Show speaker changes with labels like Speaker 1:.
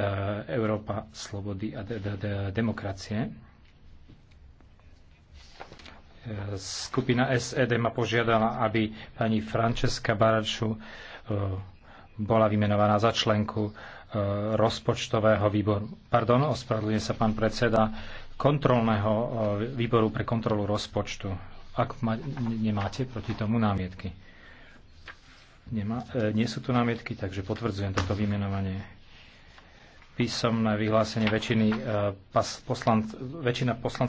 Speaker 1: E, Európa slobody a demokracie. E, skupina SED ma požiadala, aby pani Francesca Baraču e, bola vymenovaná za členku rozpočtového výboru. Pardon, ospravedlňuje sa pán predseda kontrolného výboru pre kontrolu rozpočtu. Ak ma, nemáte proti tomu námietky. Nemá, nie sú tu námietky, takže potvrdzujem toto vymenovanie písomné vyhlásenie väčšiny, eh, poslanc, väčšina poslancov